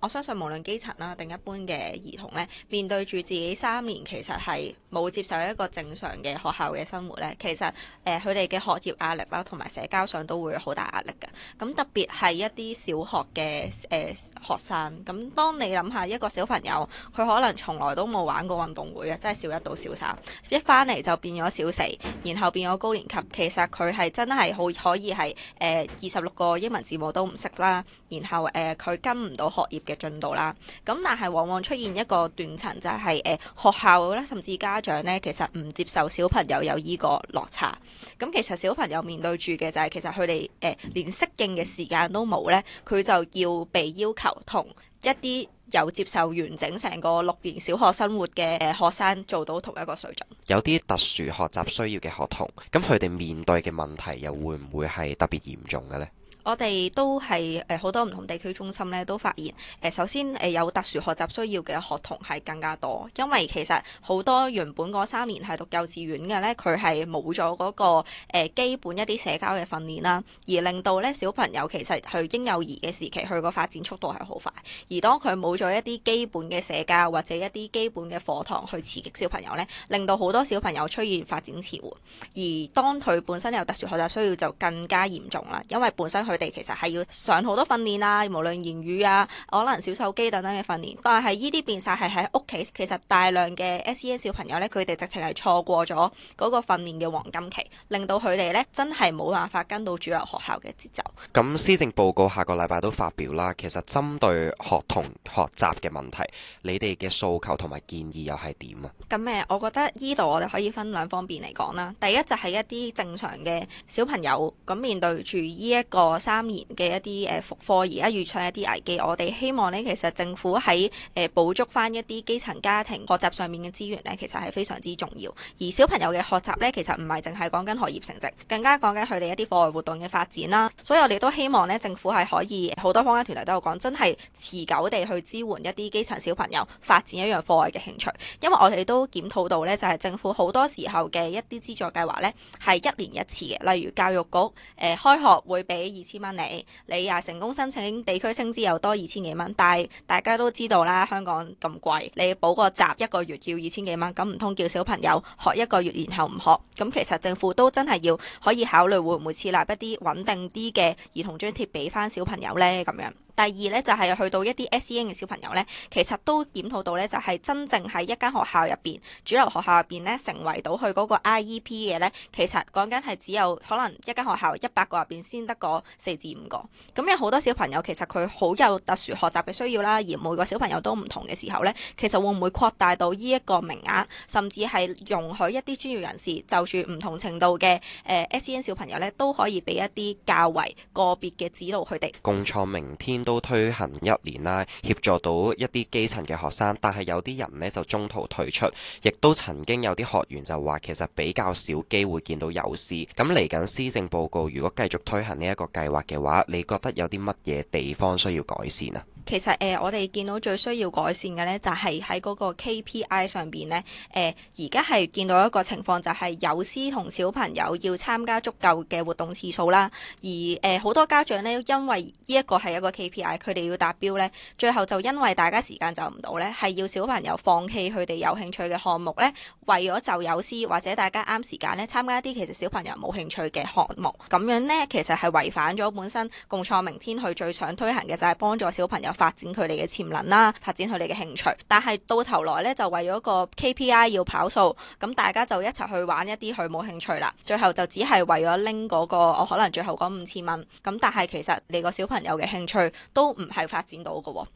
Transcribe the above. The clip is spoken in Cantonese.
我相信無論基層啦，定一般嘅兒童咧，面對住自己三年，其實係冇接受一個正常嘅學校嘅生活咧。其實誒，佢哋嘅學業壓力啦，同埋社交上都會好大壓力嘅。咁特別係一啲小學嘅誒、呃、學生，咁當你諗下一個小朋友，佢可能從來都冇玩過運動會嘅，真係小一到小三一返嚟，就變咗小四，然後變咗高年級。其實佢係真係好可以係誒，二十六個英文字母都唔識啦。然後誒，佢、呃、跟唔到學業。嘅進度啦，咁但係往往出現一個斷層，就係，就係誒學校啦，甚至家長呢，其實唔接受小朋友有依個落差。咁其實小朋友面對住嘅就係、係、其實佢哋誒連適應嘅時間都冇呢，佢就要被要求同一啲有接受完整成個六年小學生活嘅誒學生做到同一個水準。有啲特殊學習需要嘅學童，咁佢哋面對嘅問題又會唔會係特別嚴重嘅呢？我哋都係誒好多唔同地區中心咧，都發現誒、呃、首先誒、呃、有特殊學習需要嘅學童係更加多，因為其實好多原本嗰三年係讀幼稚園嘅咧，佢係冇咗嗰個、呃、基本一啲社交嘅訓練啦，而令到咧小朋友其實去嬰幼兒嘅時期佢個發展速度係好快，而當佢冇咗一啲基本嘅社交或者一啲基本嘅課堂去刺激小朋友咧，令到好多小朋友出現發展遲緩，而當佢本身有特殊學習需要就更加嚴重啦，因為本身佢哋其實係要上好多訓練啊，無論言語啊，可能小手機等等嘅訓練。但係依啲變晒係喺屋企，其實大量嘅 SEN 小朋友咧，佢哋直情係錯過咗嗰個訓練嘅黃金期，令到佢哋咧真係冇辦法跟到主流學校嘅節奏。咁施政報告下個禮拜都發表啦，其實針對學童學習嘅問題，你哋嘅訴求同埋建議又係點啊？咁誒、嗯，我覺得依度我哋可以分兩方面嚟講啦。第一就係一啲正常嘅小朋友咁面對住依一個。三年嘅一啲誒復課，而家遇上一啲危機，我哋希望咧，其實政府喺誒補足翻一啲基層家庭學習上面嘅資源咧，其實係非常之重要。而小朋友嘅學習咧，其實唔係淨係講緊學業成績，更加講緊佢哋一啲課外活動嘅發展啦。所以我哋都希望咧，政府係可以好多坊間團體都有講，真係持久地去支援一啲基層小朋友發展一樣課外嘅興趣，因為我哋都檢討到咧，就係、是、政府好多時候嘅一啲資助計劃咧，係一年一次嘅，例如教育局誒、呃、開學會俾千蚊你，你啊成功申請地區稱支又多二千幾蚊。但係大家都知道啦，香港咁貴，你補個習一個月要二千幾蚊，咁唔通叫小朋友學一個月，然後唔學，咁其實政府都真係要可以考慮會唔會設立一啲穩定啲嘅兒童津貼俾翻小朋友呢？咁樣。第二咧就係、是、去到一啲 SEN 嘅小朋友咧，其實都檢討到咧，就係真正喺一間學校入邊，主流學校入邊咧，成為到佢嗰個 IEP 嘅咧，其實講緊係只有可能一間學校一百個入邊先得個四至五個。咁有好多小朋友其實佢好有特殊學習嘅需要啦，而每個小朋友都唔同嘅時候咧，其實會唔會擴大到呢一個名額，甚至係容許一啲專業人士就住唔同程度嘅誒、呃、SEN 小朋友咧，都可以俾一啲較為個別嘅指導佢哋。共創明 TEEN。都推行一年啦，協助到一啲基層嘅學生，但係有啲人呢，就中途退出，亦都曾經有啲學員就話其實比較少機會見到友師。咁嚟緊，施政報告如果繼續推行呢一個計劃嘅話，你覺得有啲乜嘢地方需要改善啊？其實誒、呃，我哋見到最需要改善嘅呢，就係喺嗰個 KPI 上邊呢誒，而家係見到一個情況，就係有師同小朋友要參加足夠嘅活動次數啦。而誒，好、呃、多家長呢，因為呢一個係一個 KPI，佢哋要達標呢，最後就因為大家時間就唔到呢，係要小朋友放棄佢哋有興趣嘅項目呢。為咗就有師或者大家啱時間呢，參加一啲其實小朋友冇興趣嘅項目。咁樣呢，其實係違反咗本身共創明天佢最想推行嘅就係幫助小朋友。發展佢哋嘅潛能啦，發展佢哋嘅興趣，但係到頭來咧就為咗個 KPI 要跑數，咁大家就一齊去玩一啲佢冇興趣啦。最後就只係為咗拎嗰個，我可能最後嗰五千蚊咁，但係其實你個小朋友嘅興趣都唔係發展到嘅喎。